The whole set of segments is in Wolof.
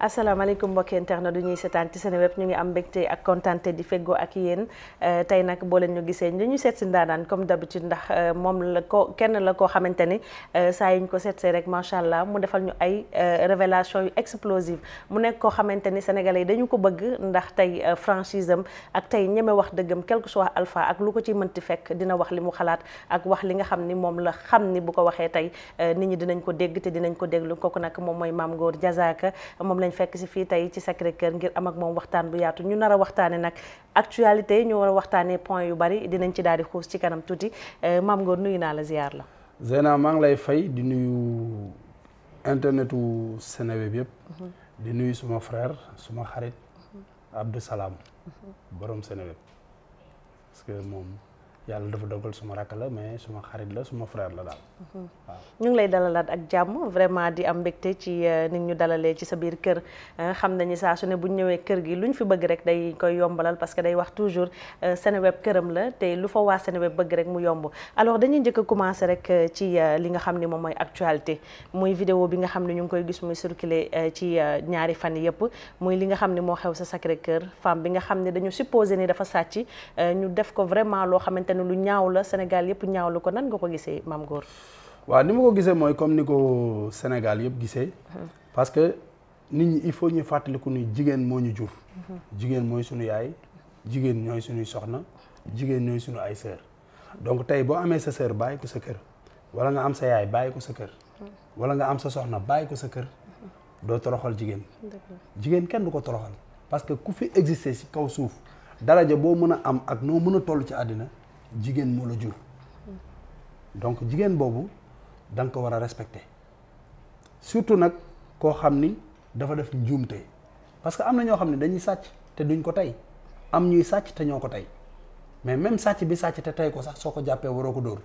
asalaamaaleykum mbokki na du ñuy seetaan ci seen web ñu ngi am mbégte ak kontaante di feggoo ak yéen eh, tey nag boo leen ñu gisee ñu ñu seet si ndaanaan comme d'habitude ndax eh, moom la ko kenn la koo xamante ni eh, saa yuñ ko seetsee rek macha allah mu defal ñu ay révélation yu explosive mu nekk koo xamante ni sénégalais yi dañu ko bëgg ndax tey franchise am ak tey ñeme wax dëggam quelque soit alpha ak lu ko ci mënti fekk dina wax li mu xalaat ak wax li nga xam ni moom la xam ni bu ko waxee tey nit ñi dinañ ko dégg te dinañ ko déglu kooku nag moom mooy maam Goor Diazaka moom lañ lañ fekk si fii tey ci Sacré Cœur ngir am ak moom waxtaan bu yaatu ñu nara a nag actualité ñu war a waxtaanee point yu bari dinañ ci daal di xuus ci kanam tuuti eh, maam Ngor nuyu naa la ziar la. Zeyna maa ngi lay fay di nuyu internetu Seneweb yëpp. Mhm. di nuyu suma frère suma xarit Abdou Salam mhm. Seneweb parce que moom. yàlla dafa dogal suma rakk la mais suma xarit la suma frère la daal. Mhm. ñu ngi lay dalalaat ak jàmm vraiment di am mbégte ci euh, ni ñu dalalee ci sa biir kër euh, xam nañu saa su ne bu ñu ñëwee kër gi lu ñu fi bëgg rek day koy yombalal parce que day wax toujours euh, Seneweb këram la te lu fa waa Seneweb bëgg rek mu yomb. alors dañuy njëkk a commencé rek ci li nga xam ni moom mooy actualité muy vidéo bi nga xam ne ñu ngi koy gis muy circulé ci ñaari fan yëpp muy li nga xam ne moo xew sa Sacré femme bi nga xam ne dañu supposé ni dafa sàcc ñu def ko vraiment loo xamante xamante ne lu ñaaw la Sénégal yëpp ñaawlu ko nan nga ko gisee maam Góor. waaw ni ma ko gisee mooy comme ni ko Sénégal yëpp gisee. Mhm. parce que nit ñi il faut ñu fàttaliku ni jigéen moo ñu jur. Mhm. mooy sunu yaay. jigéen ñooy suñuy soxna. jigéen ñooy suñu ay sœur. donc tey boo amee sa sœur bàyyi ko sa kër. wala nga am sa yaay bàyyi ko sa kër. Mhm. wala nga am sa soxna bàyyi ko sa kër. doo toroxal jigéen. jigéen kenn du ko toroxal. parce que ku fi exister ci kaw suuf daraja boo mën a am ak noo mën a toll ci àddina jigéen moo la jur donc jigéen boobu da nga ko war a respecter surtout nag koo xam ni dafa def njuumte parce que am na ñoo xam ne dañuy sàcc te duñ ko tey am ñuy sàcc te ñoo ko tey mais même sàcc bi sàcc te tey ko sax soo ko jàppee waroo ko dóor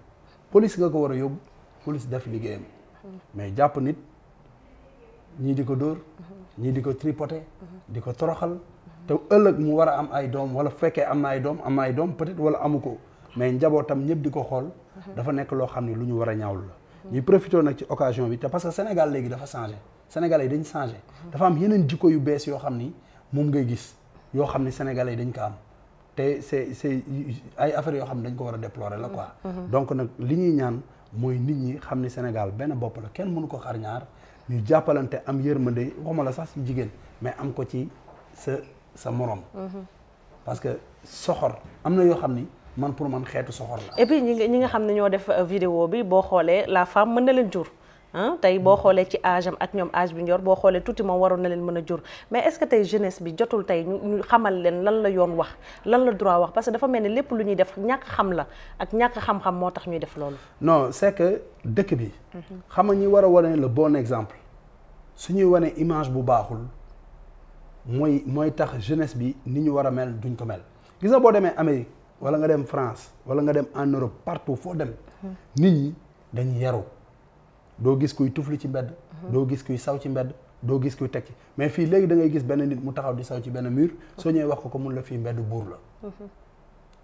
police nga ko war a yóbbu police def liggéeyam mais jàpp nit ñii di ko dóor ñii di ko tripoter di ko toroxal te ëllëg mu war a am ay doom wala fekkee am na ay doom am na ay doom peut-être wala amu ko mais njabootam ñëpp di ko xool dafa nekk loo xam ne lu ñu war a ñaawlu la ñuy profité nag ci occasion bi te parce que Sénégal léegi dafa changé Sénégalais yi dañ changé dafa am yeneen jikko yu bees yoo xam ni moom ngay gis yoo xam ni Sénégalais dañ ko am te c'est c'est ay affaires yoo xam ne dañ ko war a déplorer la quoi mm-hmm. Mm-hmm. donc nag li ñuy ñaan mooy nit ñi xam ni Sénégal benn bopp la kenn mënu ko xar ñaar ñu jàppalante am yërmande waxuma la sax ci jigéen mais am ko ci sa sa moroom mm-hmm. parce que soxor am na yoo xam ni man pour man xeetu soxor la. et puis ñi nga ñi xam ne ñoo def euh, vidéo bi boo xoolee la femme mën na leen jur. tey boo xoolee ci âge ak ñoom âge bi ñor boo xoolee tuuti moom waroon na leen mën a jur mais est-ce que tey jeunesse bi jotul tey ñu xamal leen lan la yoon wax lan la droit wax parce que dafa mel ni lépp lu ñuy def ñàkk xam la ak ñàkk xam-xam moo tax ñuy def loolu. non c'est que dëkk bi. xam nga ñi war a wane le bon exemple su ñuy wane image bu baaxul mooy mooy tax jeunesse bi ni ñu war a mel duñ ko mel gis nga boo demee Amérique. wala nga dem France wala nga dem en Europe partout foo dem nit ñi dañu yaru doo gis kuy tufli ci mbedd doo gis kuy saw ci mbedd doo gis kuy teg ci mais fii léegi da ngay gis benn nit mu taxaw di saw ci benn mur soo ñëwee wax ko ko mun la fii mbedd buur la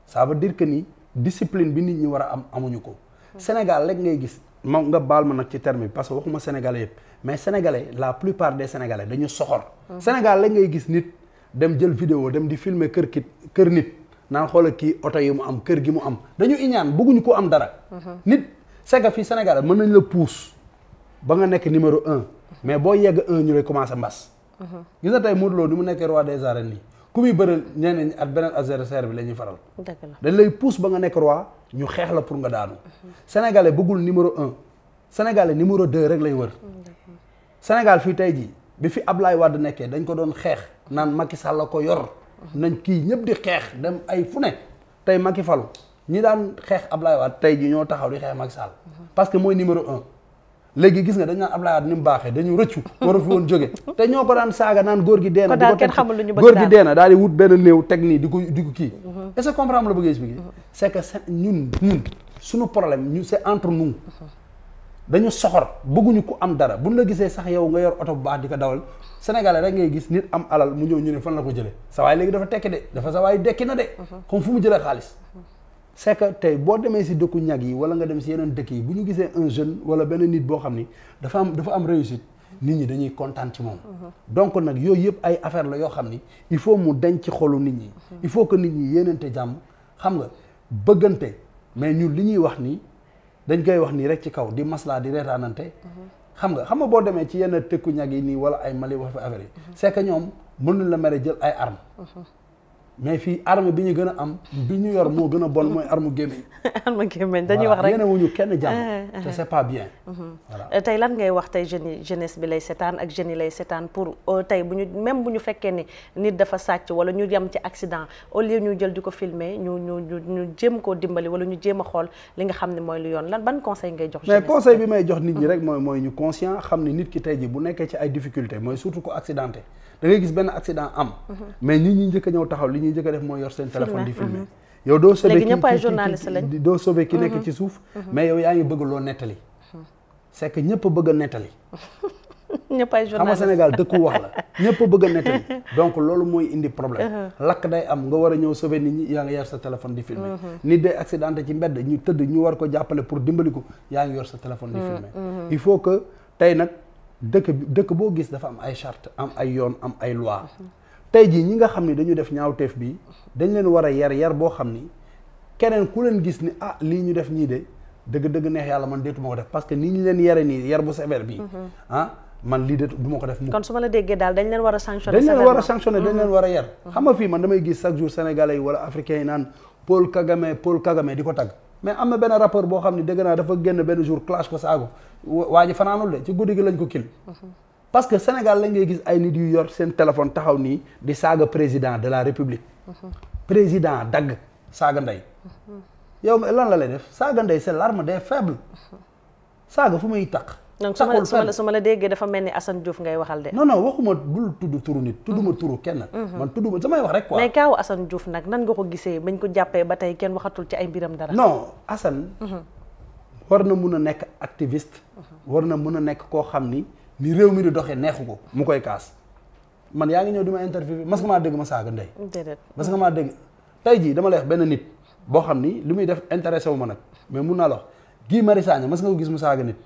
ça veut dire que ni discipline bi nit ñi war a am amuñu ko Sénégal rek ngay gis ma nga baal ma nag ci terme bi parce que waxuma sénégalais yëpp mais sénégalais la plupart de sénégalais dañu soxor Sénégal rek ngay gis nit dem jël vidéo dem di filmer kër kër nit naan xoola kii oto yi mu am kër gi mu am dañu iñaan bëgguñu ko am dara uh-huh. nit sega fii Sénégal mën nañ la puus ba nga nekk numéro un mais boo yegg un ñu lay commencé mbas uh-huh. gis na tey Modou Lo mu nekkee roi des arènes nii ku muy bëral ñeneen at beneen adversaire bi la ñuy faral dañ lay puus ba nga nekk roi ñu xeex la pour nga daanu uh-huh. sénégalais bëggul numéro un sénégalais numéro de rek lay wër mm, Sénégal fii tey jii bi fi ab Ablaye Wade nekkee dañ ko doon xeex naan Macky Sall ko yor nañ kii ñëpp di xeex dem ay fu ne tey Macky falu ñi daan xeex Ablaye Wade tey ji ñoo taxaw di xeex Macky saal parce que mooy numéro un léegi gis nga dañ naan Ablaye Wade ni mu baaxee dañu rëccu waru fi woon jóge te ñoo ko daan saaga naan góor gi dee na góor gi dee na daal di wut benn néew teg nii di ko di ko kii mhm. est-ce que comprendre la bëgg expliquer mhm. c'est que ñun ñun suñu problème ñu c'est entre nous dañu soxor bëgguñu ku am dara buñ la gisee sax yow nga yor oto bu baax di ko dawal sénégalais rek ngay gis nit am alal mu ñëw ñu ne fan la ko jëlee sa léegi dafa tekki de dafa sawaay waay dekki na de xam mhm. fu mu jëlee xaalis c'est tey boo demee si dëkku ñag yi wala nga dem si yeneen dëkk yi bu ñu gisee un jeune wala benn nit boo xam ni dafa am dafa am réussite nit ñi dañuy kontaan ci moom mhm. donc nag yooyu yëpp ay affaire la yoo xam ni il faut mu dañ ci xolu nit ñi mhm. il faut que nit ñi yéenante jàmm xam nga bëggante mais ñun li ñuy wax ni dañ koy wax nii rek ci kaw di maslaa di reetaanante xam nga xam nga boo demee ci yenn tëkku ñag yi nii wala ay Mali wax fa affaire yi mhm. c'est que ñoom mënuñ la mere jël ay armes mhm. mais fii arme bi ñu gën a am bi ñu yor moo gën a bon mooy arme gémmiñ. arme gémmiñ dañuy wax rek yéen wuñu kenn jàng. Ah, ah, te ah. c'est pas bien. Mhm. voilà euh, lan ngay wax tey jeunes yi bi lay seetaan ak jeunes yi lay seetaan pour euh, tey bu ñu même bu ñu fekkee ni nit dafa sàcc wala ñu yem ci accident au lieu ñu jël di ko filmer ñu ñu ñu ñu jéem koo dimbali wala ñu jéem a xool li nga xam ne mooy lu yoon lan ban conseil ngay jox. mais conseil bi may jox nit ñi mhm. rek mooy mooy ñu conscient xam ni nit ki tey ji bu nekkee ci ay difficulté mooy surtout ko accidenté da ngay gis benn mhm. a ñëw taxaw li bi ñuy njëkk def mooy yor seen téléphone di mhm. filmer yow doo sauver léegi ñëpp ay journaliste lañ doo sauver ki nekk mhm. ci suuf mhm. mais yow yaa ngi bëgg loo nettali sekk que ñëpp bëgg nettali ñëpp ay journaliste xam nga Sénégal dëkku wax la ñëpp bëgg a nettali donc loolu mooy indi problème lakk day am nga war a ñëw sauver nit ñi yaa ngi yor sa téléphone di filmer nit day accidenté ci mbedd ñu tëdd ñu war ko jàppale pour dimbali ko yaa ngi yor sa téléphone di filmer il faut que tey nag dëkk bi dëkk boo gis dafa am ay charte am ay yoon am ay loi tey jii ñi nga xam ni dañu def ñaaw ñaawteef bii dañ leen war a yar yar boo xam ni keneen ku leen gis ni ah lii ñu def ñii de dëgg-dëgg neex yàlla man deetuma ko def parce que ni ñu leen yare nii yar bu sévère bi mhm. ah man lii de du ko def mukk kon su ma la déggee daal dañ leen war a sanctionné dañ leen war a sanctionné dañ leen war a yar mhm. xam nga fii man damay gis chaque jour sénégalais yi wala africains yi naan Paul Kagame Paul Kagame di ko tag mais am na benn rapport boo xam ne dégg naa dafa génn benn jour clash ko saago waa ji fanaanul gi lañ ko kil mhm. parce que Sénégal lañ ngay gis ay nit yu yor seen téléphone taxaw nii di saaga président de la république. président dagg saaga ndey. yow lan la lay def saaga ndey c'est l'arme des faibles saaga fu muy taq. taxul su ma su ma la déggee dafa mel ni Assane Diouf ngay waxal de. non non waxuma bul tudd turu nit. tudduma mm-hmm. turu kenn. Mm-hmm. man tudduma samay wax rek quoi. mais kaawu Assane Diouf nag nan nga ko gisee bañ ko jàppee ba tey kenn waxatul ci ay mbiram dara. non Assane. Mm-hmm. war na a nekk activiste. na mun a nekk koo xam ni. ni réew mi di doxee neexu ko mu koy kaas man yaa ngi ñëw di ma interview mas nga maa dégg ma saaga ndey mas nga maa dégg tey jii dama lay wax benn nit boo xam ni li muy def intéressé wu ma nag mais mun naa la wax Guy Marius Sagna mas nga ko gis mu saaga nit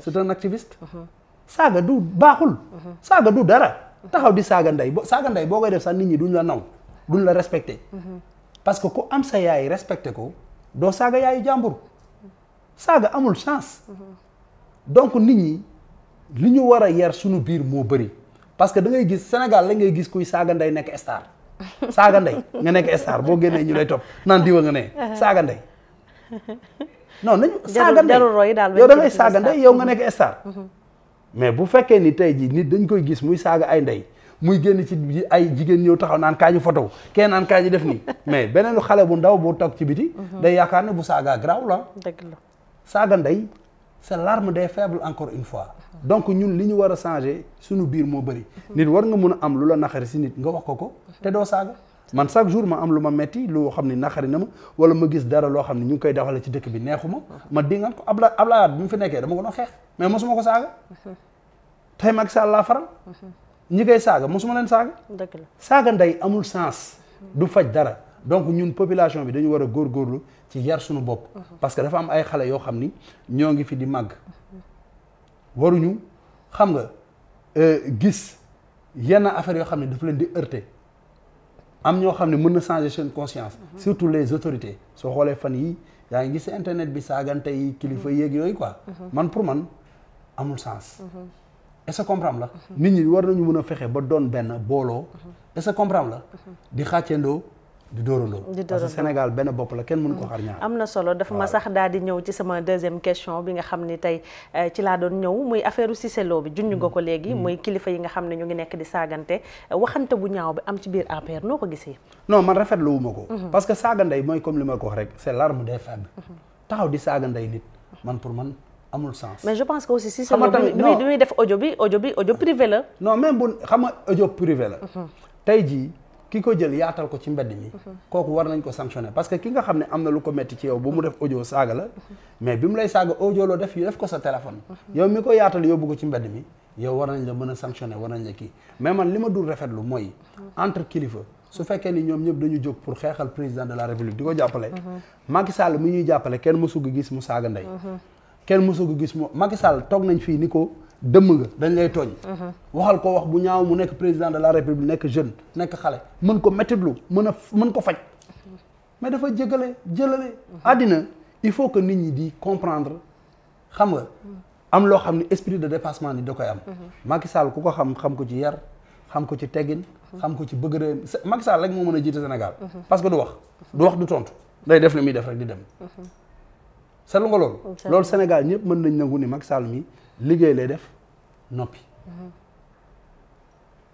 c'est un activiste mhm. saaga du baaxul mhm. saaga du dara taxaw di saaga ndey boo saaga ndey boo koy def sax nit ñi duñ la naw duñ la respecté mhm. parce que ku am sa yaay respecté ko doo saaga yaayu jàmbur saaga amul chance donc nit ñi li ñu war a yar suñu biir moo bëri parce que da ngay gis Sénégal la ngay gis kuy saaga ndey nekk star saaga ndey nga nekk star boo génnee ñu lay topp naan diwa nga ne uh-huh. saaga ndey non nañu saaga ndey yow da saaga ndey yow nga nekk star uh-huh. mais bu fekkee ni tey ji nit dañ koy gis muy saaga ay ndey muy génn ci ay jigéen ñëw taxaw naan kaañu foto photo kenn naan kaa ñu def nii mais beneen xale bu ndaw boo toog ci biti uh-huh. day yaakaar ne bu saaga graw la saaga ndey c'est l'arme des faible encore une fois donc ñun li ñu war a changer suñu biir moo bëri nit war nga mun a am lu la naxari si nit nga wax ko ko te doo saaga man chaque jour ma am lu ma metti loo xam ne naxari na ma wala ma gis dara loo xam ne ñu ngi koy doxalee ci dëkk bi neexu ma ma dingaan ko abla ablayaat bi mu fi nekkee dama ko doon xeex mais mosuma ko saaga tey Macky Sall laa faral ñi koy saaga mosuma leen saaga saaga ndey amul sens du faj dara donc ñun population bi dañu war a góorgóorlu ci yar suñu bopp parce que dafa am ay xale yoo xam ni ñoo ngi fi di màgg waruñu xam nga euh, gis yenn affaire yoo xam ne dafa leen di heurter am ñoo xam ne mën na changer seen conscience surtout les autorités soo xoolee fan yi yaa ngi gis internet bi saagante yi kilifa yéeg yooyu quoi man pour man amul sens est-ce que la nit ñi war nañu mën a fexe ba doon benn booloo est-ce que la di xàcceendoo di dóorandoo parce que Sénégal benn bopp la kenn mënu ko xar ñaar am na solo dafa ma sax daal di ñëw ci sama deuxième question bi nga xam ni tey eh, ci laa doon ñëw muy affaire Cissé Lo bi junj nga ko mm. léegi mm. muy kilifa yi nga xam ne ñu ngi nekk di saagante waxante bu ñaaw bi am ci biir APR noo ko gisee non man rafetlu wu ma ko mm-hmm. parce que saagandey mooy comme li ma ko wax rek c'est l'arme des faibles mm-hmm. taxaw di saagandey nit man pour man amul sens mais je pense que aussi Cissé Lo bi muy def audio bi audio bi audio privé la non même bu xam nga audio privé la mm-hmm. tey jii ki ko jël yaatal ko ci mbedd mi kooku war nañ ko sanctionner parce que ki nga xam ne am na lu ko metti ci yow bu mu def audio saaga la mais bi mu lay saaga audio loo def yu def ko sa téléphone yow mi ko yaatal yóbbu ko ci mbedd mi yow war nañ la mën a sanctionner war nañ la kii mais man li ma dul rafetlu mooy entre kilifa su fekkee ni ñoom ñëpp dañu jóg pour xeexal président de la république di ko jàppale Macky Sall ñuy jàppale kenn mësu ko gis mu dëmm nga dañ lay tooñ mhm. waxal ko wax bu ñaaw mu nekk président de la république nekk jeune nekk xale mën ko méttitlu mën a mën ko faj mais dafa jégale jëlale mhm. àddina il faut que nit ñi di comprendre xam nga am loo xam ne esprit de dépassement ni da koy am mhm. Macky Sall ku ko xam xam ko ci yar xam ko ci teggin xam ko ci bëgg réew Macky Sall rek moo mën a jiite Sénégal parce que du wax du wax du tontu day def li muy def rek di dem seetlu nga loolu loolu Sénégal liggéey lay def noppi mhm.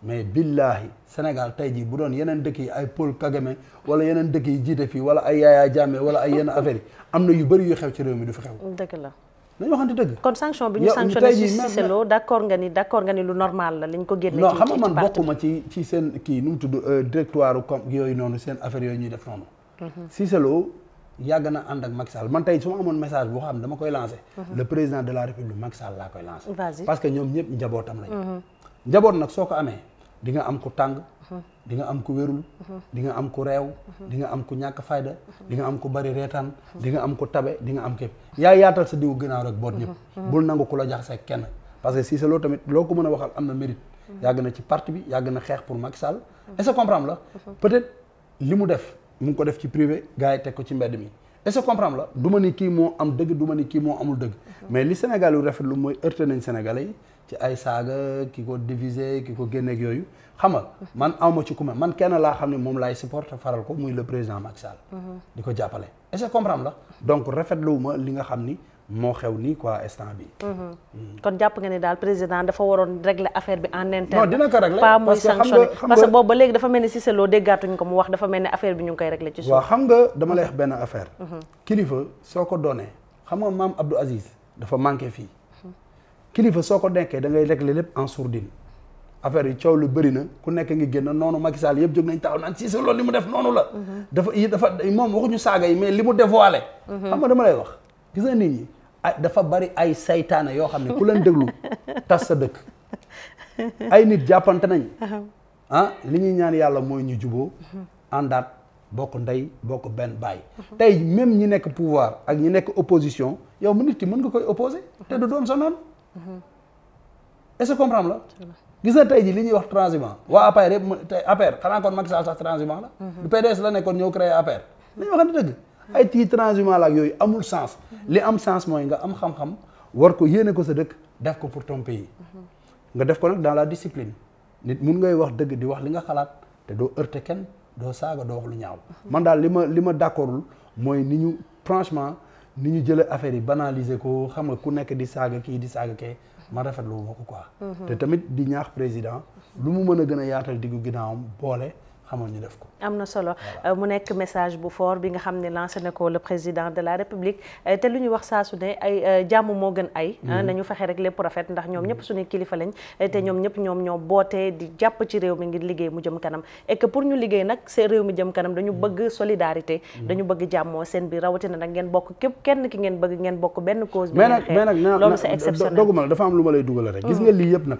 mais billahi Sénégal tey jii bu doon yeneen dëkk yi ay Paul Kagame wala yeneen dëkk yi jiite fii wala ay Yaya Jammeh wala ay yenn affaire yi am na yu bëri yu xew ci réew mi du fi xew. dëgg la. nañu waxante dëgg. kon sanction bi ñu sanctionné ci Cissé Lo d'accord nga ni d'accord nga ni lu normal la liñ ko génne. ci xam nga man bokkuma ci ci seen kii nu mu tudd euh, directoire comme yooyu noonu seen affaire yooyu ñuy def noonu. Mhm. Cissé Lo yàgg na ànd ak Macky Sall man tey su ma amoon message boo xam ne dama koy lancé. Mhm. le président de la république Macky Sall laa koy lancé. parce que ñoom ñëpp njabootam lañu. Mhm. njaboot nag soo ko amee di nga am ku tàng. Mhm. di nga am ku wérul. di nga am ku réew. di am ku ñàkk fayda. di am ku bari reetaan. di am ku tabe di nga am képp yaa yaatal sa diw gannaaw rek boot ñëpp. bul nangu ku la jaxasee kenn parce que si sa tamit loo ko mën a waxal am na mérite. yàgg mu ngi ko def ci privé gars yi teg ko ci mbedd mi est-ce que la du ni kii moo am dëgg du ma ni kii moo amul dëgg mais li Sénégal yu rafetlu mooy heurté nañ Sénégalais yi ci ay saaga ki ko divisé ki ko génneeg yooyu xam nga man awma ci ku ma man kenn laa xam ne moom laay supporté faral ko muy le président Macky Sall uh-huh. di ko jàppale est-ce la donc rafetlu ma li nga xam ni moo xew nii quoi instant bi mhm. mm. kon jàpp nga ne daal président dafa waroon régler affaire bi en interne. non dina ko régler pas muy sanctionné ba léegi dafa mel ni Cissé Lo déggaatuñ ko mu wax dafa mel ni affaire bi ñu ngi koy régler ci suuf. waaw mhm. mhm. soo ko doonee xam nga maam Abdou Aziz dafa manqué fii kilifa soo ko nekkee da ngay régler lépp en sourdine affaire yi coow lu bëri na ku nekk ngi génn noonu Macky Sall yëpp jóg nañ taxaw naan si Lo li mu def noonu la. dafa yi dafa moom waxuñu saaga yi mais li mu defoo dévoilé. xam ma dama lay wax gis nga nit ñi dafa bari ay saytaane yoo xam ne ku leen déglu tas sa dëkk ay nit jàppante nañ ah li ñuy ñaan yàlla mooy ñu juboo àndaat bokk ndey bokk benn baay tey même ñi nekk pouvoir ak ñi nekk opposition yow mu nit ki mën nga koy opposé te du doon sa noonu mhm. est-ce que comprendre la gis na tey ji li ñuy wax transhumant waa APR yëpp tey APR xanaa kon Macky Sall sax transhumant la mhm. du PDS la nekkoon ñëw créé APR nañu waxante dëgg ay tii transhumance la yooyu amul sens li am sens mooy nga am xam-xam war ko yéene ko sa dëkk def ko pour ton pays nga def ko nag dans la discipline nit mun ngay wax dëgg di wax li nga xalaat te doo heurter kenn doo saaga doo wax lu ñaaw man daal li ma li ma d'accordul mooy ni ñu franchement ni ñu jëlee affaire yi banaliser ko xam nga ku nekk di saaga kii di saaga kee ma rafetlu ma ko quoi mm-hmm. te tamit di ñaax président lu mu mën a gën a yaatal diggu ginnaawam boole xamoon ñu def ko. am na solo mu nekk message bu foor bi nga xam ne lancé na ko le président de la république te lu ñu wax saa su ne ay euh, jàmm moo gën ay. Mhm. Ah, na ñu fexe rek lépp rafet ndax ñoom mhm. ñëpp suñu kilifa lañ. te ñoom ñëpp ñoom ñoo boote di jàpp ci réew mi ngir liggéey mu jëm kanam et pour ñu liggéey nag seen réew mi jëm kanam dañu mhm. bëgg solidarité. dañu bëgg jàmmoo seen biir rawatina nag ngeen bokk képp kenn ki ngeen bëgg ngeen bokk benn cause. bi ngeen xeex am lu lay dugal rek. gis nga lii yëpp nag.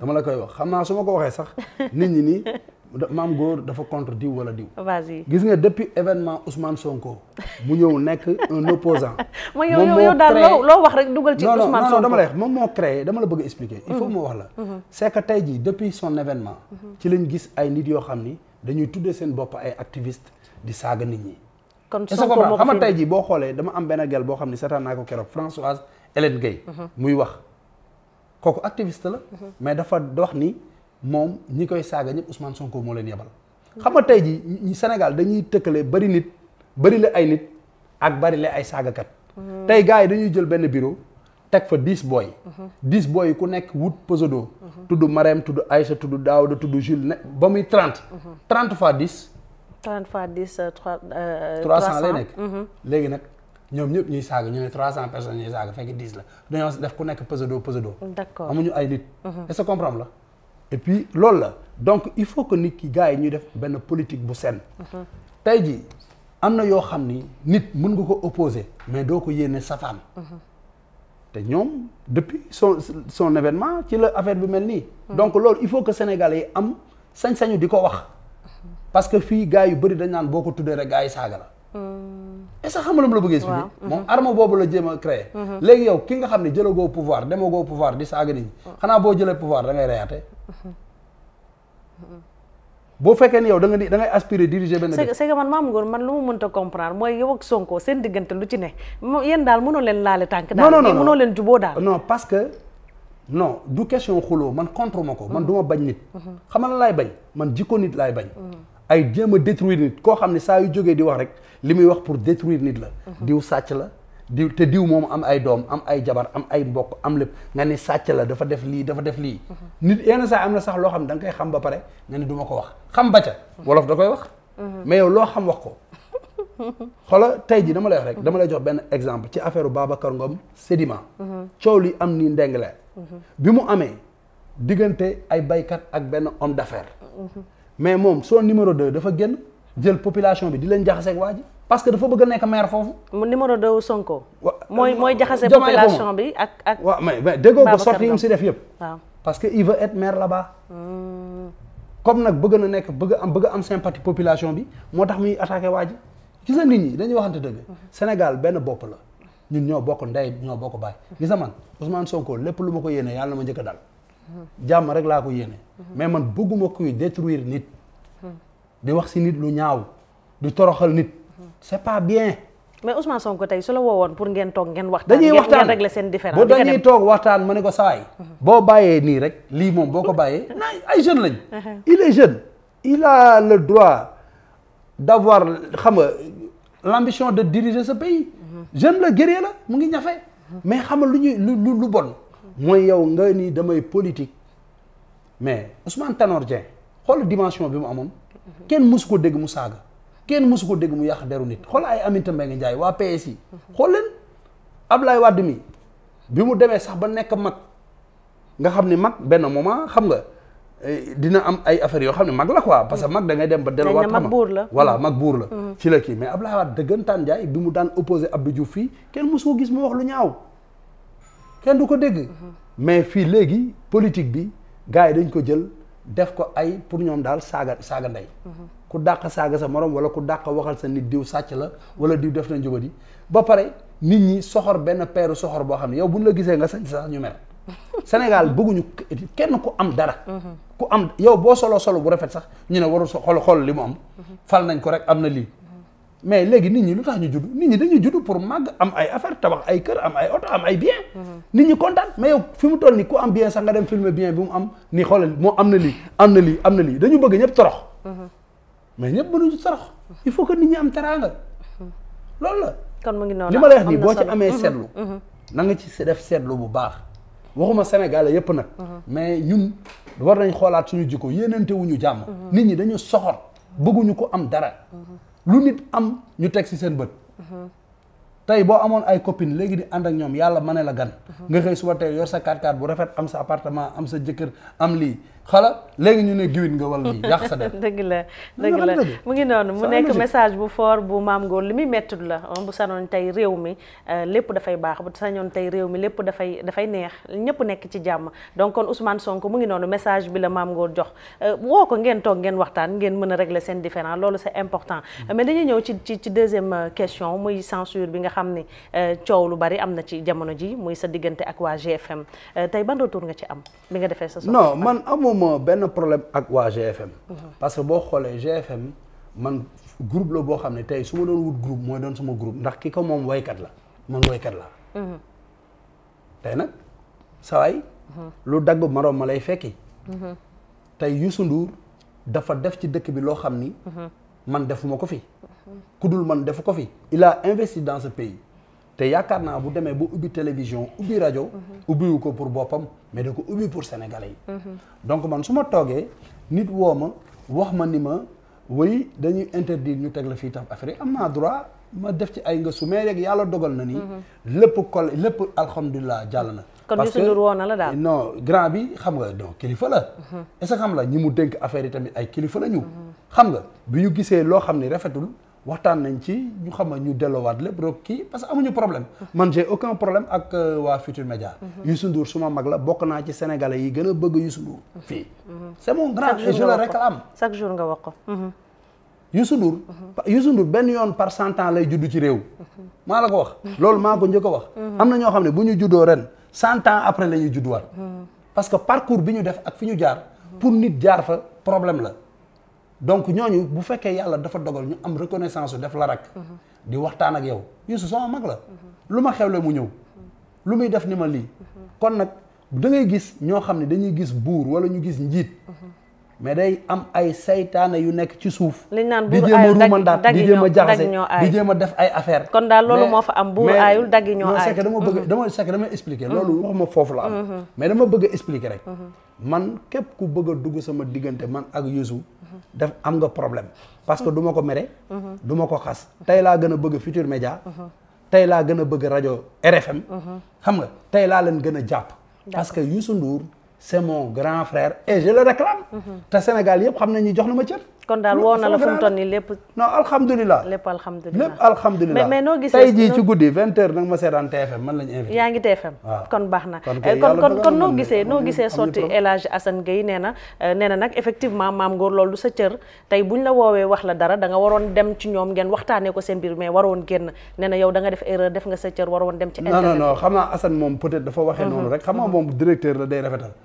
dama la su ma ko waxee sax maam góor dafa contre diw wala diw. vas-y gis nga depuis événement Ousmane Sonko. mu ñëw nekk un opposant moom moo yow yow daal loo loo wax rek dugal ci Ousmane Sonko non non dama lay wax moom moo créé dama la bëgg expliquer. il faut moo mhm. wax la. Mhm. c'est tey jii depuis son événement. Mhm. ci lañ gis ay nit yoo xam ni dañuy tuddee seen bopp ay activistes di saaga nit ñi. kon Sonko tey jii boo xoolee dama am benn gel boo xam ni seetaan naa ko keroog Françoise Hélène Guèye. muy wax kooku activiste la. mais dafa wax ni. moom ñi koy saaga ñëpp Ousmane Sonko moo leen yebal. xam nga ji jii Sénégal dañuy tëkkale bari nit bari la ay nit ak bari la ay saagakat. Mm-hmm. tey gars yi dañuy jël benn bureau teg fa dix boy. Mm-hmm. dix boy ku nekk wut posodo. Mm-hmm. tudd Marème tudd Aïcha tudd Daouda tudd Jules ne ba muy trente. trente fois dix. trente fois dix euh, trois. Euh, trois cent lay nekk. léegi nag ñoom ñëpp ñuy saaga ñu ne trois cent personnes ñuy saaga fekk dix la dañoo def ku nekk posodo posodo. d'accord amuñu ay et puis loolu la donc il faut que nit ki gars yi ñuy def benn politique bu seen tey ji am na yoo xam ni nit mën nga ko opposer mais doo ko yéene safaan te ñoom depuis son son événement ci la affaire bi mel nii donc loolu il faut que sénégalais yi am sañ-sañu di ko wax parce que fii gars yu bëri dañ naan boo ko tuddee rek gars yi saaga la est sa que xam nga lu mu la bëggee expliqué moom mm-hmm. arme boobu la jéem a mm-hmm. léegi yow ki nga xam ne jëlagoo pouvoir demagoo pouvoir di saaga nit ñi mm-hmm. xanaa boo jëlee pouvoir da ngay reyaate boo fekkee ni yow da nga ni da ngay aspirer diriger benn c'est que man maam Ngor man lu mu mënta comprendre mooy yow ak Sonko seen diggante lu ci ne yéen daal mënoo leen laale tànk daal mënoo leen juboo daal no parce que non du question xuloo man contre ma ko man du ma bañ nit xam nga lan laay ay jéem a détruire nit koo xam ne saa yu jógee di wax rek li muy wax pour détruire nit la mhm. diw sàcc la diw te diw moom am ay doom am ay jabar am ay mbokk am lépp nga ni sàcc la dafa def lii dafa def lii mhm. nit yenn saa am na sax loo xam da nga koy xam ba pare nga ne du ko wax xam ba ca mhm. wolof da koy wax mais yow loo xam wax ko xoolal tey jii dama lay wax rek dama lay jox benn exemple ci affaire Babacar Ngom Sedima coow li am ni ndeng la bi mu amee diggante ay baykat ak benn homme d'affaires mais moom soo numéro de dafa génn jël population bi di leen jaxaseeg waa parce que dafa bëgg a nekk maire foofu. numéro 2 Sonko. mooy mooy jaxase population bi ak ak. waaw mais mais déggoo si def yëpp. parce que il veut être maire hmm. comme nag bëgg na nekk bëgg am bëgg am sympathie population bi moo tax muy attaqué waa ji gis nga nit ñi dañuy waxante dëgg. Hmm. Sénégal benn bopp la ñun ñoo bokk ndey ñoo bokk baay. gis man Ousmane Sonko lépp lu ma ko yéene yàlla na ma njëkk dal. jàmm rek laa ko yéene. mais man bëgguma kuy détruire nit. di wax si nit lu ñaaw di toroxal nit. c'est pas bien. mais Ousmane Sonko tey su la woowoon pour ngeen toog ngeen waxtaan dañuy waxtaan ngeen régler seen différence boo dañuy toog waxtaan ma ne ko saay boo bàyyee nii rek lii moom boo ko bàyyee ay jeune lañ uh-huh. il est jeune il a le droit d'avoir xam nga l'ambition de diriger sa pays uh-huh. jeune la guerrier la mu ngi ñafe uh-huh. mais xam nga lu ñuy lu lu bon mooy yow nga ni damay politique mais Ousmane Tanor xool dimension bi mu amoon kenn mësu ko dégg mu saaga kenn mësu ko dégg mu yàq deru nit xool ay Aminata Mbengue jaay waa PS yi xool leen Ablaye Wade mi bi mu demee sax ba nekk mag nga xam ni mag benn moment xam nga eh, dina am ay affaires yoo xam ne mag la quoi parce que mag dangay dem ba delluwaat xam mag buur la voilà mag buur la mm-hmm. ci la kii mais Ablaye Wade dëggantaan Ndiaye bi mu daan opposé Abdou Diouf fii kenn mësu ko gis mu wax lu ñaaw kenn du ko dégg. mais fii léegi politique bi gars yi dañ ko jël def ko ay pour ñoom daal saaga saaga ndey. ku dàq saaga sa moroom wala ku dàq waxal sa nit diw sàcc la wala diw def na njubadi ba pare nit ñi soxor benn peeru soxor boo xam ne yow buñ la gisee nga sañ sax ñu mer. Sénégal bëgguñu kenn ku am dara. ku am yow boo solo solo bu rafet sax ñu ne warul so xool xool li mu am. fal nañ ko rek am na lii. mais léegi nit ñi lu tax ñu judd nit ñi dañuy judd pour màgg am ay affaire tabax ay kër am ay oto am ay bien mm-hmm. nit ñi kontaan mais fi mu toll ni ko am bien sax nga dem filmer bi mu am ni xoolal moo am na lii am na lii am na lii dañu bëgg ñëpp mm-hmm. mais ñëpp mënuñu torox il faut que nit ñi am teraanga mm-hmm. loolu la kon mu ngi noonu li ma lay wax nii boo ci amee seetlu na nga ci def seetlu bu baax waxuma Sénégal yëpp nag mais ñun war nañ xoolaat suñu jikko yéenante wuñu jàmm nit ñi dañu soxor bëgguñu ko am dara lu nit am ñu teg ci seen bët uh-huh. tey boo amoon ay copine léegi di ànd ak ñoom yàlla mane la gan uh-huh. nga xëy suba tey yor sa 4x4 bu rafet am sa appartement am sa jëkkër am lii xala léegi ñu ne giwin nga wala lii yàq sa def dëgg la dëgg la mu ngi noonu mu nekk message bu fort bu maam li muy mettit la bu sanoon tey réew mi euh, lépp dafay baax bu sanoon tey réew mi lépp dafay dafay neex ñëpp nekk ci jàmm donc kon Ousmane Sonko mu ngi noonu message bi la maam góor jox euh, woo ko ngeen toog ngeen waxtaan ngeen mën a régler seen différend loolu c'est important mm. mais dañuy ñëw ci ci ci deuxième question muy censure bi nga xam ni euh, coow lu bari am na ci jamono ji muy sa diggante ak waa GFM euh, tey ban retour nga ci am bi nga defee sa soxla non man amuma benn problème ak waa GFM mhm. parce que boo xoolee GFM man groupe la boo xam ne tey su ma doon wut groupe mooy doon sama groupe ndax ki ko moom waykat la man waykat la mhm. tey nag sawaay mhm. lu dagg maroom ma lay fekki tey Youssou Ndour dafa def ci dëkk bi loo xam ni man defuma ko fi ku dul man defu ko fi il a investi dans a pays te yaakaar naa bu demee bu ubbi télévision ubbi rajo mhm. ubbiwu ko pour boppam mais da ko ubbi pour sénégalais mhm. donc man su ma toogee nit woo ma wax ma ni ma oui dañuy interdire ñu teg la fii taf Afrique am naa droit ma def ci ay nga su mais rek yàlla dogal na ni mhm. lépp kol lépp alhamdulilah jàll na kon Youssou Ndour na la daal non grand bi xam nga donc kilifa la est xam la ñi mu dénk affaire yi tamit ay kilifa la xam nga loo xam ne rafetul waxtaan nañ ci ñu xam ñu delloowaat lépp rek kii parce que amuñu problème man j'ai aucun problème ak euh, waa Futur Média mhm. Youssou Ndour suma mag la bokk naa ci sénégalais yi gën a bëgg Youssou Ndour mhm. fii mhm. c'est mon grand et je le nga wax ko Youssou Ndour Youssou benn yoon par cent ans lay juddu ci réew maa la ko wax loolu maa ko njëkk wax am na ñoo xam ne bu ñu juddoo ren cent ans après la ñuy judduwaat parce que parcours bi ñu def ak fi ñu jaar pour nit jaar fa problème la donc ñooñu bu fekkee yàlla dafa dogal ñu am reconnaissance su def la rek mhm. di waxtaan ak yow Youssou sama mag la mhm. lu ma xewle mu ñëw mhm. lu muy def ni ma lii kon nag da ngay gis ñoo xam ne dañuy gis buur wala ñu gis njiit mais day am ay saytaane yu nekk ci suuf li naan buur ayul dagg mandaat di jéem a jaxase a def ay affaire kon daal loolu moo fa am buur ayul dagg ñoo aay c'est que dama bëgg dama c'est que dama expliquer loolu waxuma foofu la am mais dama bëgg expliquer rek man képp ku bëgg a dugg sama diggante man ak Youssou daf am nga problème parce que mm-hmm. du ma ko mere mm-hmm. du ma ko xas tey laa gën a bëgg Futur Média mm-hmm. tey laa gën a bëgg rajo RFM xam nga tey laa leen gën a jàpp parce que Youssou Ndour c'est mon grand frère et je le réclame te Sénégal yëpp xam nañu jox na ma cër kon daal woo na la fu mu toll nii lépp. non alhamdulilah lépp alhamdulilah lépp alhamdulilah. mais mais noo gisee tey jii ci guddi nag ma seetaan TFM man lañu invité. yaa ngi TFM kon baax na. kon eh, kon noo gisee noo gisee sotti El Hadj Assane Gueye nee eh, nag effectivement maam Ngor loolu sa cër tey buñ la woowee wax la dara da nga waroon dem ci ñoom ngeen waxtaanee ko seen biir mais waroon génn nee na yow da nga def erreur def nga sa cër waroon dem ci. internet mhm. mhm.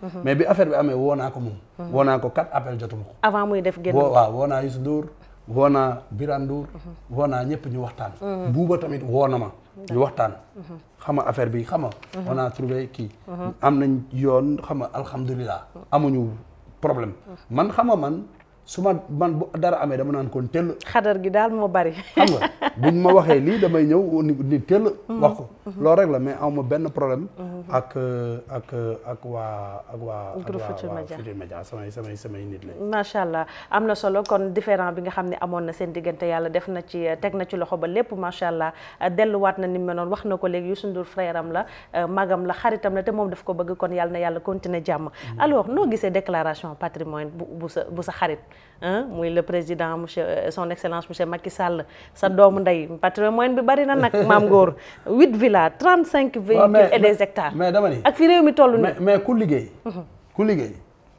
mhm. mais bi affaire bi amee woo ko moom. woo ko quatre appel woo naa Youssou Ndour woo naa Birane Ndour woo naa ñëpp ñu waxtaan mm-hmm. buuba tamit woo na ma ñu waxtaan mm-hmm. xam affaire bi xam nga mm-hmm. on a trouvé kii am nañ yoon xam nga amuñu problème man xam man su ma man bu dara amee dama naan kon tell xadar gi daal moo bari ma waxee lii damay ñëw ni tell mm-hmm. wax ko mm-hmm. loolu la mais aw benn problème mm-hmm. ak ak ak waa ak waa groupe Futurs Médias Futurs macha allah am na solo kon différent bi nga xam ne amoon na seen diggante yàlla def na ci teg na ci loxo ba lépp macha allah delluwaat na ni mu noonu wax na ko léegi Youssou Ndour frère la euh, magam la xaritam la te moom daf ko bëgg kon yàlla na yàlla continuer jàmm alors noo gisee déclaration patrimoine bu bu sa bu sa xarit muy le président monsieur euh, son excellence monsieur Macky Sall sa doomu ndey patrimoine bi bari na nag maam góor huit villas trente cinq véhicules et des hectares mais dama ni ak fi réew mi toll nii mais ku liggéey mhm. ku liggéey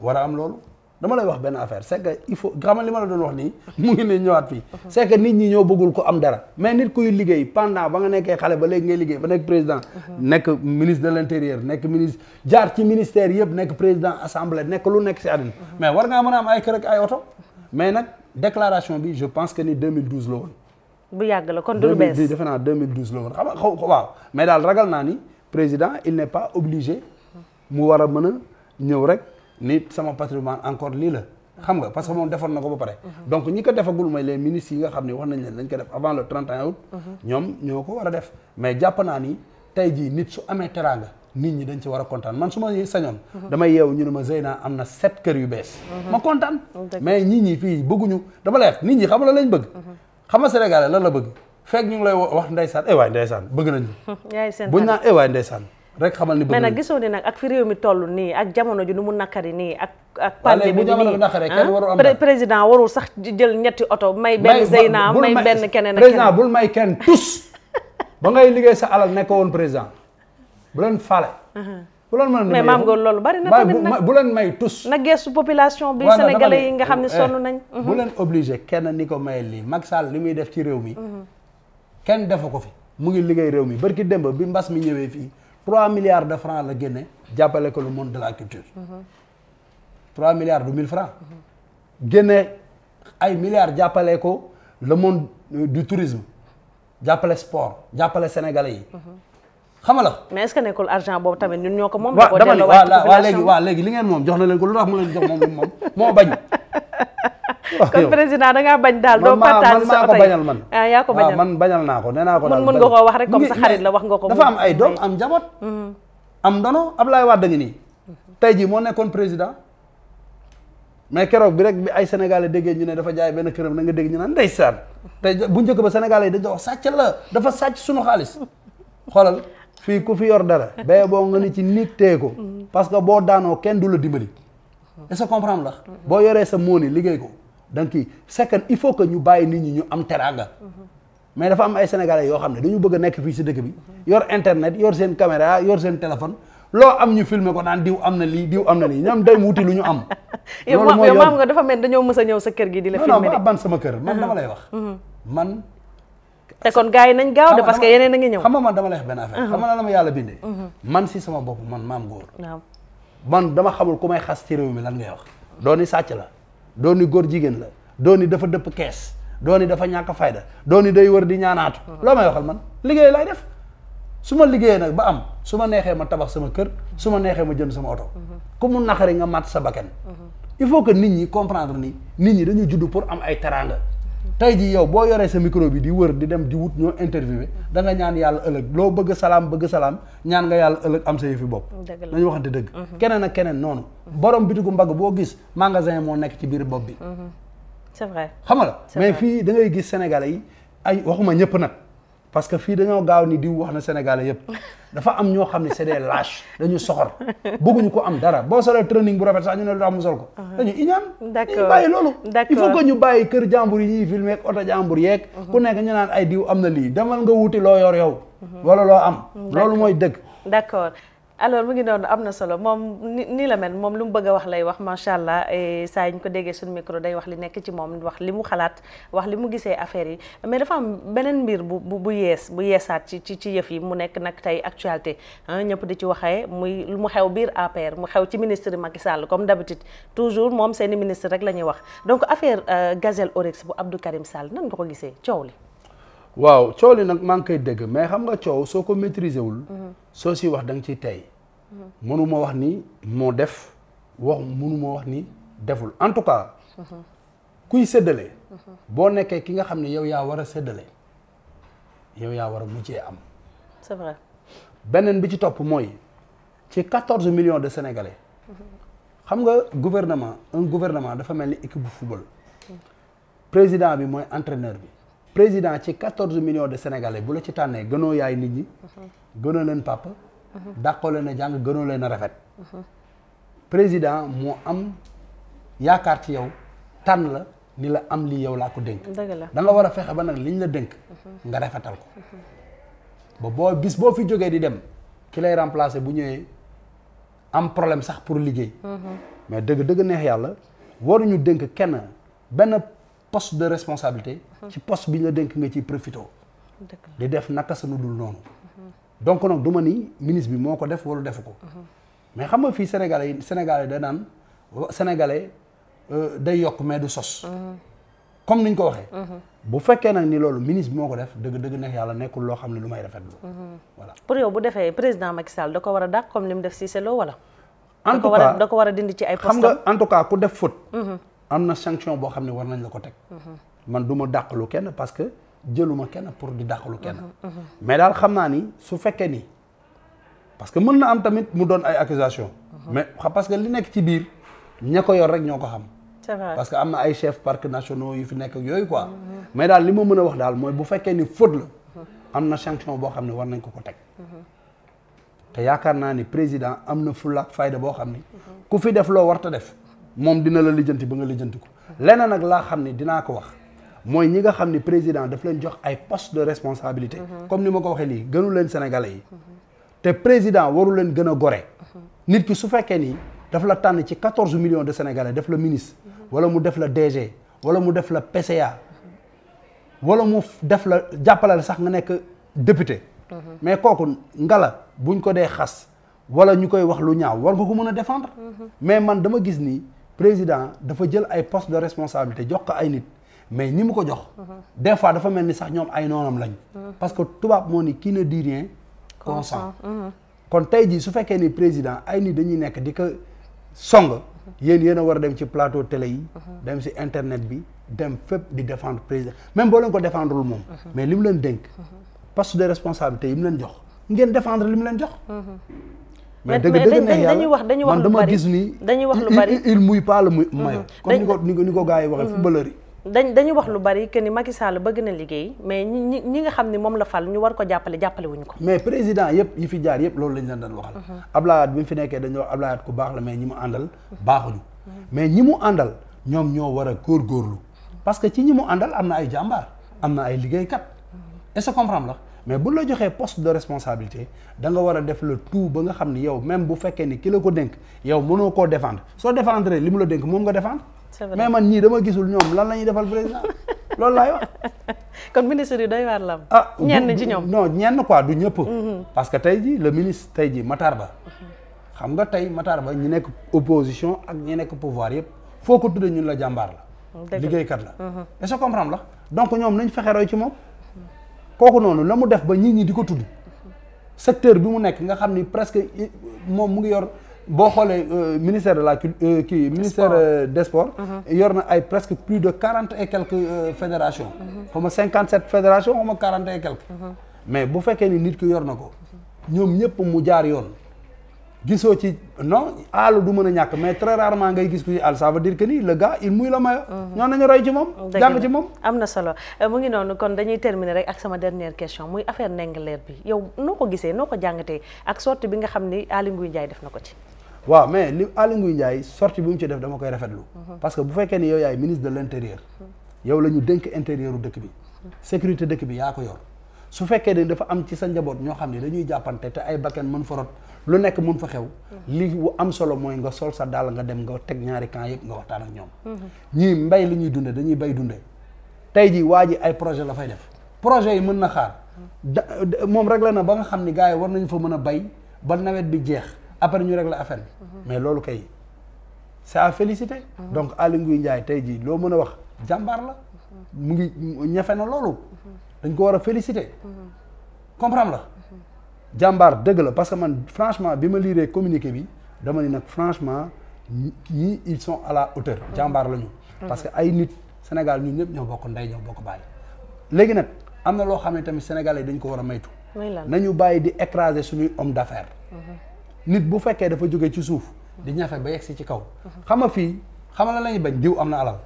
war a am loolu dama lay wax benn affaire c'est que il faut xam li ma la doon wax nii mu ngi ne ñëwaat fii c'est que nit ñi ñoo bëggul ko am dara mais nit kuy liggéey pendant ba nga nekkee xale ba léegi ngay liggéey ba nekk président nekk ministre de l'intérieur nekk ministre jaar ci ministère yëpp nekk président assemblée nekk lu nekk si àddina mais war ngaa mën a am ay kër ay oto mais nag déclaration bi je pense que ni 2012 la woon bu yàgg la kon du lu bees defe naa 2012 la woon xam daal ragal naa ni président il n'est pas mu war a mën a ñëw rek nit sama patrimoine encore lii la xam nga parce que moom defoon na ko ba pare donc ñi ko defagul mooy les ministres yi nga xam ne wax nañ leen dañ ko def avant le 31 août ñoom ñoo ko war a def mais jàpp naa jii nit su amee teraanga nit ñi dañ ci war a kontaan man su ma sañoon damay yeew ñu ne ma Zeyna am na sept kër yu bees ma kontaan mais nit ñi fii bëgguñu dama lay nit ñi xam lañ bëgg xam nga Sénégalais lan la bëgg fekk ñu ngi lay wax ndeysaan eh rek xamal ni bëgg mais a gisoo ni nag ak fi réew mi toll nii ak jamono ji ni mu nakari nii ak ak pandémie bi nii ah? président warul sax jël ñetti oto may benn Zeyna may benn keneen ak président may kenn tous ba ngay liggéey sa alal nekk woon président bu leen fale uh-huh. bu leen mën nga loolu bari bu leen may tous na geestu population bi yi nga xam ne eh, sonn nañ bu uh-huh. leen obligé kenn ni ko may lii Macky Sall li muy def ci réew mi uh-huh. kenn defu ko fi mu ngi liggéey réew mi barki démb bi mbas mi ñëwee fii 3 milliards de francs la génne jàppale ko le monde de la culture. 3 milliards du 1000 francs. génne ay milliards jàppale ko le monde euh, du tourisme jàppale sport jàppale sénégalais yi. xam mais est-ce que nekkul argent boobu tamit ñun ñoo ko moom. dama ni waaw léegi waaw léegi li ngeen moom jox na leen ko lu tax mu leen jox moom moom moo bañ. kon président da ngaa bañ daal doo partage sa oto yi man ah yaa ko bañal ah, man bañal naa ko nee naa ko daal mën nga koo wax rek ko sa xarit la wax nga ko dafa am ay doom am njaboot mm-hmm. am ndono Ablaye Wade ngi nii tey jii moo nekkoon président mais keroog bi rek bi ay sénégalais déggee ñu ne dafa jaay benn këram na nga dégg ñu naan ndeysaan tey bu njëkk ba sénégalais yi dañ wax sàcc la dafa sàcc suñu xaalis xoolal fii ku fi yor dara baye boo nga ni ci niig ko mm-hmm. parce que boo daanoo kenn du la dimbali est-ce que comprendre la mm-hmm. boo yoree sa moon yi liggéey ko donc kii c'est que il faut que ñu bàyyi nit ñi ñu am teraanga. mais dafa am ay sénégalais yoo xam ne dañu bëgg a nekk fii si dëkk bi. yor internet yor seen caméra yor seen téléphone loo am ñu filmer ko naan diw am na lii diw am na lii ñoom day wuti lu ñu am. loolu mooy yow maam nga dafa mel dañoo mës a ñëw sa kër gi di la. filmer non ban man mhm. mhm. a mhm. si sama bopp man maam góor. man dama xamul ku may xas ci mi lan ngay wax. dooni sàcc la doo ni góor jigéen la doo ni dafa dëpp kees doo ni dafa ñàkk fayda doo ni day wër di ñaanaatu mm-hmm. loo may waxal man liggéey laay def su ma liggéeyee nag ba am su ma neexee ma tabax sama kër su ma neexee ma jënd sama oto mm-hmm. ku mu naqari nga mat sa bakkan mm-hmm. il faut que nit ñi comprendre ni nit ñi dañu judd pour am ay teraanga tey ji yow boo yoree sa micro bi di wër di dem di wut ñoo interviewé da nga ñaan yàlla ëllëg loo bëgg salaam bëgg salaam ñaan nga yàlla ëllëg am sa yëfi bopp nañu waxante dëgg mhm. keneen ak keneen noonu mhm. borom bitigu mbagg boo gis magasin moo nekk ci biir bopp bi mhm. c'est vrai xam mais fii da ngay gis sénégalais yi ay waxuma ñëpp nag parce que fii dañoo gaaw ni diw wax na Sénégalais yëpp dafa am ñoo xam ne c'est des lâches dañu soxor bëgguñu ko am dara boo solee training bu rafet sax ñu ne lu tax mu sol ko ah. dañu iñaan ñu bàyyi loolu il faut que ñu bàyyi kër jàmbur yi ñuy filmer ak oto jàmbur yeeg uh-huh. ku nekk ñu naan ay diw am na lii demal nga wuti loo yor yow uh-huh. wala loo am loolu mooy dëgg d'accord alors mu ngi noonu am na solo moom ni la mel moom lu mu bëgg a wax lay wax macha allah saa ñu ko déggee suñu micro day wax li nekk ci moom wax li mu xalaat wax li mu gisee affaire yi mais dafa am beneen mbir bu bu bu yees bu yeesaat ci ci ci yëf yi mu nekk nag tey actualité ah, ñëpp di ci waxee muy mu xew biir APR mu xew ci ministre Macky Sall comme d'habitude toujours moom seeni ministre rek la ñuy wax donc affaire euh, gazelle oryx bu Abdou Karim Sall nan nga ko gisee coow li. waaw coow li nag maa ngi koy dégg mais xam nga coow soo ko maîtriser wul. Mhm. soo si wax da nga ciy tey. Mhm. mënuma wax ni moo def wax mënuma wax ni deful en tout cas. Mhm. kuy séddale. boo nekkee ki nga xam ne yow yaa war a séddale yow yaa war a mujjee am. c'est beneen bi ci topp mooy ci quatorze million de sénégalais. xam nga gouvernement un gouvernement dafa mel ni équipe bu football. président bi mooy entreneur bi. président ci quatorze millions de sénégalais bu la ci tànnee gënoo yaay nit ñi. gënoo leen papa. dàqoo leen a jàng gënoo leen a rafet. président moo am yaakaar ci yow tànn la ni la am lii yow laa ko dénk. dëgg la war a fexe ba nag liñ la dënk nga rafetal ko. ba boo bis boo fi jógee di dem ki lay remplacer bu ñëwee am problème sax pour liggéey. Mhm. mais dëgg dëgg neex yàlla waruñu dénk kenn benn. poste de responsabilité. ci poste bi ñu la dénk nga ciy profito. di def naka sa nu dul noonu. donc nag du ma ni ministre bi moo ko def wala defu ko. mais xam nga fii Sénégalais yi Sénégalais da naan Sénégalais euh, day yokk mais du sos. comme niñ ko waxee. bu fekkee nag ni loolu ministre bi moo ko def dëgg dëgg nekk yàlla nekkul loo xam ne lu may rafetlu. voilà pour yow bu defee président Macky da ko war a dàq comme ni mu def Cissé Lo wala. en tout cas da ko war a da ko war a dindi ci ay postes xam nga en tout cas ku def faute. am na sanction boo xam ne war nañ la ko teg man du ma dàqalu kenn parce que jëluma kenn pour di dàqalu kenn mais daal xam naa ni su fekkee ni parce que mën na am tamit mu doon ay accusation mais parce que li nekk ci biir ña ko yor rek ñoo ko am na ay chef parcs nationaux yu fi nekk yooyu quoi mais daal li ma mën a wax daal mooy bu fekkee ni faute la am na sanction boo xam ne war nañ ko ko teg te yaakaar naa ni président am na fulla fayda boo xam ni ku fi def loo warta def moom dina la lijjanti ba nga lijjanti ko leneen nag laa xam ni dinaa ko wax mooy ñi nga xam ni président daf leen jox ay poste de responsabilité mhm. comme ni ma ko waxee nii gënu leen sénégalais yi te président waru leen gën a gore mhm. nit ki su fekkee nii daf la tànn ci quatorze millions de sénégalais def la ministre mhm. wala mu def la DG wala mu def la PCA wala mu def la jàppale sax nga nekk député mais kooku ngala buñ ko dee xas wala ñu koy wax lu ñaaw war nga ko mën a défendre mais man dama gis nii président dafa jël ay poste de responsabilité jox ko ay nit mais ni mu ko jox des fois dafa mel ni sax ñoom ay noonam lañ parce que tubaab moo ni kii ne du rien consent mhm. kon tey jii su fekkee ni président ay nit dañuy nekk di ko song yéen yéen a war a dem ci plateau télé yi dem ci internet bi dem fépp di défendre président même boo leen ko défendrewul moom mais li mu leen dénk poste de responsabilité yi mu leen jox ngeen défendre li mu leen jox mhm. mais dëgg dëgg ne wax dañuy wax lu bari man dama gis ni. dañuy wax lu bari il mouille pas mm-hmm. ko ni ko ni ko gars yi waxee mm-hmm. footballeur yi. dañu wax lu bari que ni Macky Sall bëgg na liggéey mais ñi ñi nga xam ne moom la fal ñu war ko jàppale jàppale wuñ ko. mais président yëpp yi fi jaar yëpp loolu lañ leen doon waxal. Mm-hmm. Abdoulaye bi mu fi nekkee dañoo Abdoulaye at ku baax la mais ñi mu àndal baaxuñu. mais ñi mu àndal ñoom ñoo war a góor góorgóorlu parce que ci ñi mu àndal am na ay jàmbaar am na ay liggéeykat est-ce que comprendre mais bu la joxee post de responsabilité da war a def le tout ba nga xam ni yow même bu fekkee ni ki la ko dénk yow mënoo koo défendre soo défendre li mu la dénk moom nga défendre. mais man ñii dama gisul ñoom lan la ñuy defal président loolu laay wax. kon ministre yi doy waar la am. Ah, ñenn ci ñoom non ñenn quoi du ñëpp. Mm-hmm. parce que tey jii le ministre tey jii Matar Ba. Mm-hmm. xam nga tey Matar Ba ñi nekk opposition ak ñi nekk pouvoir yëpp foo ko tuddee ñun la jàmbaar la. liggéeykat la. Mm-hmm. est-ce la donc ñoom nañ fexe roy ci moom. kooku noonu la mu def ba nit ñi di ko tudd secteur bi mu nekk nga xam ni presque moom mu ngi yor boo xoolee euh, ministère de la culture euh, kii ministère euh, des sports uh-huh. yor na ay presque plus de quarante et quelques fédérations uh-huh. xaw ma cinquante sept fédérations xaw ma quarante et quelques uh-huh. mais bu fekkee ni nit ki yor na ko ñoom ñëpp mu jaar yoon gisoo ci non aalu du mën a ñàkk mais très rarement ngay gis ku ci aal dire que ni le gars il mouille le maillot. ñoo mhm. nañu roy ci moom. jàng ci moom am na solo euh, mu ngi noonu kon dañuy terminer rek ak sama dernière question muy affaire Ndingler bi yow noo ko gisee noo ko jàngatee ak sortie bi nga xam ni Aly Ngouille Ndiaye def na ko ci. waaw mais li Aly Ngouille Ndiaye sortie bi mu ci def dama koy rafetlu. Mhm. parce que bu fekkee ni yow yaay ministre de l' mhm. yow la ñu dëkk bi. sécurité dëkk bi yaa ko yor. su fekkee ne dafa am ci sa njaboot ñoo xam ne dañuy jàppante te ay bakkan mën fa rot lu nekk mën fa xew mm-hmm. li am solo mooy nga sol sa dàll nga dem nga teg ñaari camp yëpp nga waxtaan ak ñoom mm-hmm. ñii mbay li ñuy dunde dañuy bay dunde tey jii waa ji la fay def projet yi mën na xaar da moom réglé ba nga xam ni gars yi war nañ fa mën a bay ba nawet bi jeex après ñu réglé affaire bi mm-hmm. mais loolu kay c'est à féliciter donc Aly Ngouille Ndiaye tey jii loo mën a wax jàmbaar la mu ngi ñafe na loolu dañ ko war a féliciter. Mm-hmm. comprendre la mm-hmm. jàmbaar dëgg la parce que man franchement bi ma liiree communiqué bi dama ni nag franchement ñii ils sont à la hauteur mm-hmm. jàmbaar la ñu parce que ay nit Sénégal ñun ñëpp ñoo bokk ndey ñoo bokk bàyyi léegi nag am na loo xam ne tamit sénégalais dañ ko war a maytu nañu bàyyi di écraser suñuy homme d'affaires nit bu fekkee dafa jóge ci suuf di ñafe ba yegsi ci kaw xam nga fii xam nga la lañuy bañ diw am na alal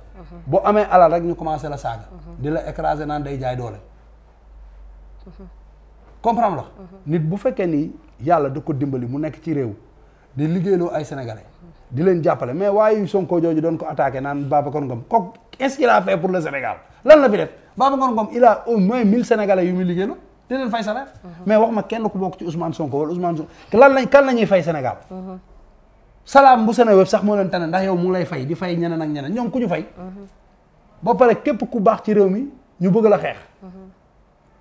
boo amee alal rek ñu commencé la saaga di la écraser comprendre la mhm. nit bu fekkee ni yàlla da ko dimbali mu nekk ci réew di liggéeyloo ay sénégalais di leen jàppale mais waaye Sonko jooju doon ko attaqué naan Babacar Ngom ko est-ce a fait pour le Sénégal lan la fi def Babacar Ngom il a au moins mille sénégalais yu muy liggéeyloo di leen fay salaire mhm. mais wax ma kenn ku bokk ci Ousmane Sonko wala Ousmane Sonko lan lañ kan la ñuy fay Sénégal mhm. salaam bu sene web sax moo leen tane ndax yow mu lay fay di fay ñeneen ak ñeneen ñoom ku ñu fay ba pare képp ku baax ci réew mi ñu bëgg la xeex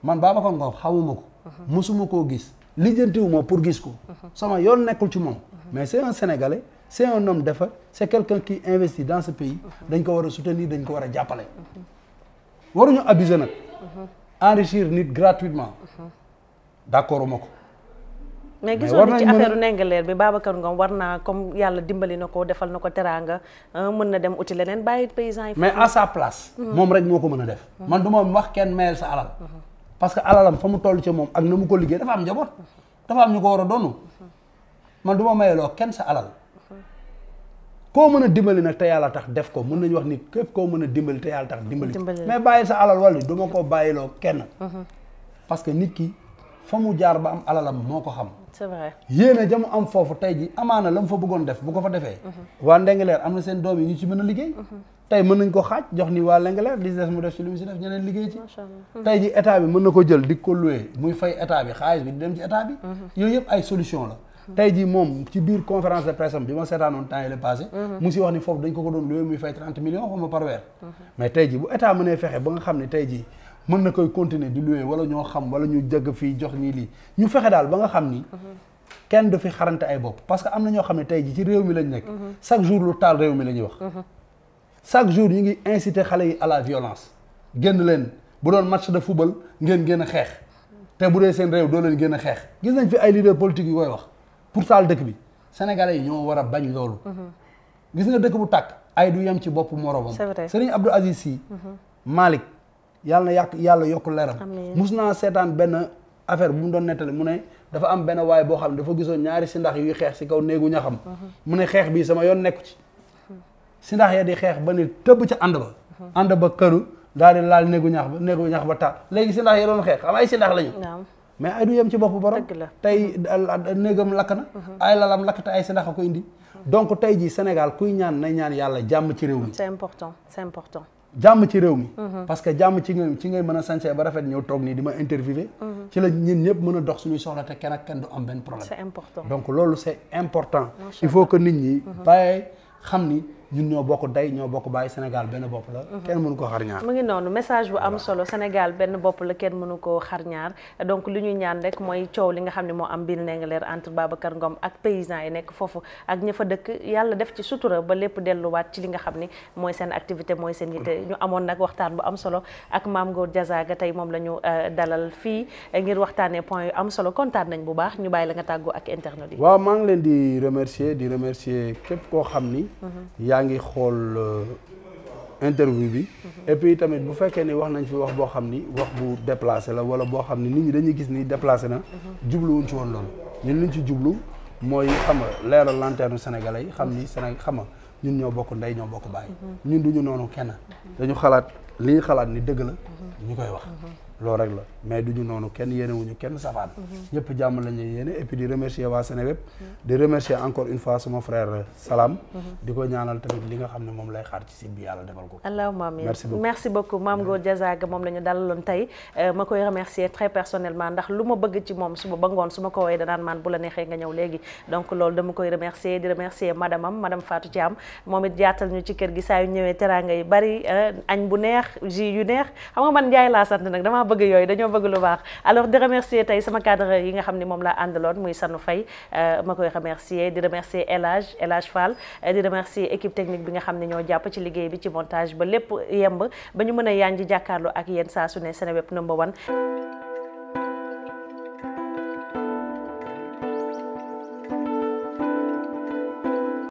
man Babacar Ngom xamuma ko uh-huh. mosuma koo gis lijjantiwu ma pour gis ko uh-huh. sama yoon nekkul ci moom uh-huh. mais c'est un Sénégalais c'est un homme d'affaires c'est quelqu'un qui investit dans ce pays dañ ko war a soutenir dañ ko war a jàppale waruñu abuser nag enrichir nit gratuitement d'accord uma ko mais gisoon na ci affaire Ndingler bi Babacar Ngom war naa comme yàlla dimbali na ko defal na ko teraanga euh, mën na dem uti leneen bàyyi paysans yi mais à sa place moom rek moo ko mën a def man du ma wax kenn mayel sa alal parce que alalam fa mu toll ci moom ak na mu ko liggéey dafa am njaboot dafa am ñu ko war a donn man du ma mayeloo kenn sa alal koo mën a dimbali nag te yàlla tax def ko mun nañu wax nit képp koo mën a dimbali te yàlla tax dimbali mais bàyyi sa alal wàllu du ma ko bàyyiloo kenn mhm. parce que nit ki fa mu jaar ba am alalam moo ko xam c'est vrai yéene ja mu am foofu tey ji amaana la mu fa bëggoon def bu ko fa defee mhm. waa Ndingler am na seen doom yi ñu ci mën a liggéey mhm. tey mën nañ ko xaaj jox ni waa Linguère li des mu def ci li mu si def ñeneen liggéey ci tey ji état bi mën na ko jël di ko loué muy fay état bi xaalis bi di dem ci état bi mhm. yooyu yëpp ay solution la jii moom ci biir conférence bi ma seetaanoon temps yi la passé mhm. mu si wax ni mhm. xam ne tey jii mën na koy continuer di loué wala ñoo xam wala ñu jëgg fii jox ñii lii ñu fexe daal ba nga xam ni kenn du fi xarante ay bopp parce que na ñoo xam ne tey ji ci réew mi lañ nekk chaque jour lu taal réew mi la wax chaque jour ñu ngi inciter xale yi à la violence génn leen bu doon match de football ngeen gën a xeex te bu dee seen réew doo leen gën a xeex gis nañ fi ay leader politique yu koy wax pour taal dëkk bi sénégalais yi ñoo war a bañ loolu mm-hmm. gis nga dëkk bu tàkk ay du yem ci bopp moroomam Serigne Abdou Aziz Sy mm-hmm. Malick yàlla na yàq yàlla yokk leeram mus naa seetaan benn affaire bu mu doon nettali mu ne dafa am benn waaye boo xam ne dafa gisoon ñaari si ndax yuy xeex si kaw néegu ñaxam mm-hmm. mu ne xeex bii sama yoon nekku ci si ya di xeex ba ni tëbb ca ànd ba uh-huh. ànd ba këru daal di laal néegu ba néegu ñax ba taal léegi si ndax ya doon xeex xam ay si ndax lañu mais ay du yem ci bopp borom tey uh, néegam lakk na uh-huh. ay lalam lakk te ay si ndax a indi uh-huh. donc tey jii Sénégal kuy ñaan na ñaan yàlla jàmm ci réew mi c'est important c'est important jàmm ci réew mi parce que jàmm ci ngay ci ngay mën a sañse ba rafet ñëw toog nii di ma interviewé ci la ñun ñëpp mën a dox suñuy soxla te kenn ak kenn du am benn problème donc loolu c'est important ñun ñoo bokk day ñoo bokk bàyyi Sénégal benn bopp la. Mhm. kenn mënu ko xar ñaar. mu ngi noonu message bu am solo Sénégal benn bopp la kenn mënu ko xar ñaar donc lu ñuy ñaan rek mooy coow li nga xam ne moo am biir Ndingler entre Babacar Ngom ak paysans yi nekk foofu ak ña fa dëkk yàlla def ci sutura ba lépp delluwaat ci li nga xam ne mooy seen activité mooy seen yitte ñu amoon nag waxtaan bu am solo ak Mame Ngor Diazaga tey moom la ñu euh, dalal fii ngir waxtaanee point yu am solo kontaan nañ bu baax ñu bàyyi la nga tàggoo ak internet yi. waaw maa ngi leen di remercier di remercier képp koo xam ni mhm. yaa ngi xool euh, interview bi. Mhm. et tamit bu fekkee ni wax nañ fi wax boo xam ni wax bu déplacé la wala boo xam ni nit ñi dañuy gis ni déplacé na. Mhm. jubluwuñ ci woon loolu. ñun liñ ci jublu mooy xam nga leeral lanterne sénégalais yi xam ni mhm. Sénégal xam nga ñun ñoo bokk ndey ñoo bokk bàyyi. ñun duñu noonu kenn. dañu xalaat li xalaat ni dëgg la. ñu koy wax. loolu rek la mais du ñu noonu kenn yéenewuñu kenn safaan mhm. ñëpp jàmm la ñuy yéene et puis di remercier waa Seneweb mhm. di remercier encore une fois sama frère Salam mhm. di ko ñaanal tamit li nga xam ne moom lay xaar ci site bi yàlla defal ko allahumma amiin merci moom la ñu dalaloon tey euh, ma koy remercier très personnellement ndax lu ma bëgg ci moom suba ba ngoon su ma ko woowee danaan maan bu la neexee nga ñëw léegi donc loolu dama koy remercier di remercier madame bëgg yooyu dañoo bëgg lu baax alors di remercier tey sama cadre yi nga xam ne moom laa àndaloon muy Sanu Faye euh, ma koy remercier di remercier El Hadj El Hadj Fall euh, di remercier équipe technique bi nga xam ne ñoo jàpp ci liggéey bi ci montage ba lépp yemb ba ñu mën a yaan ji jàkkaarloo ak yéen saa su ne Seneweb number one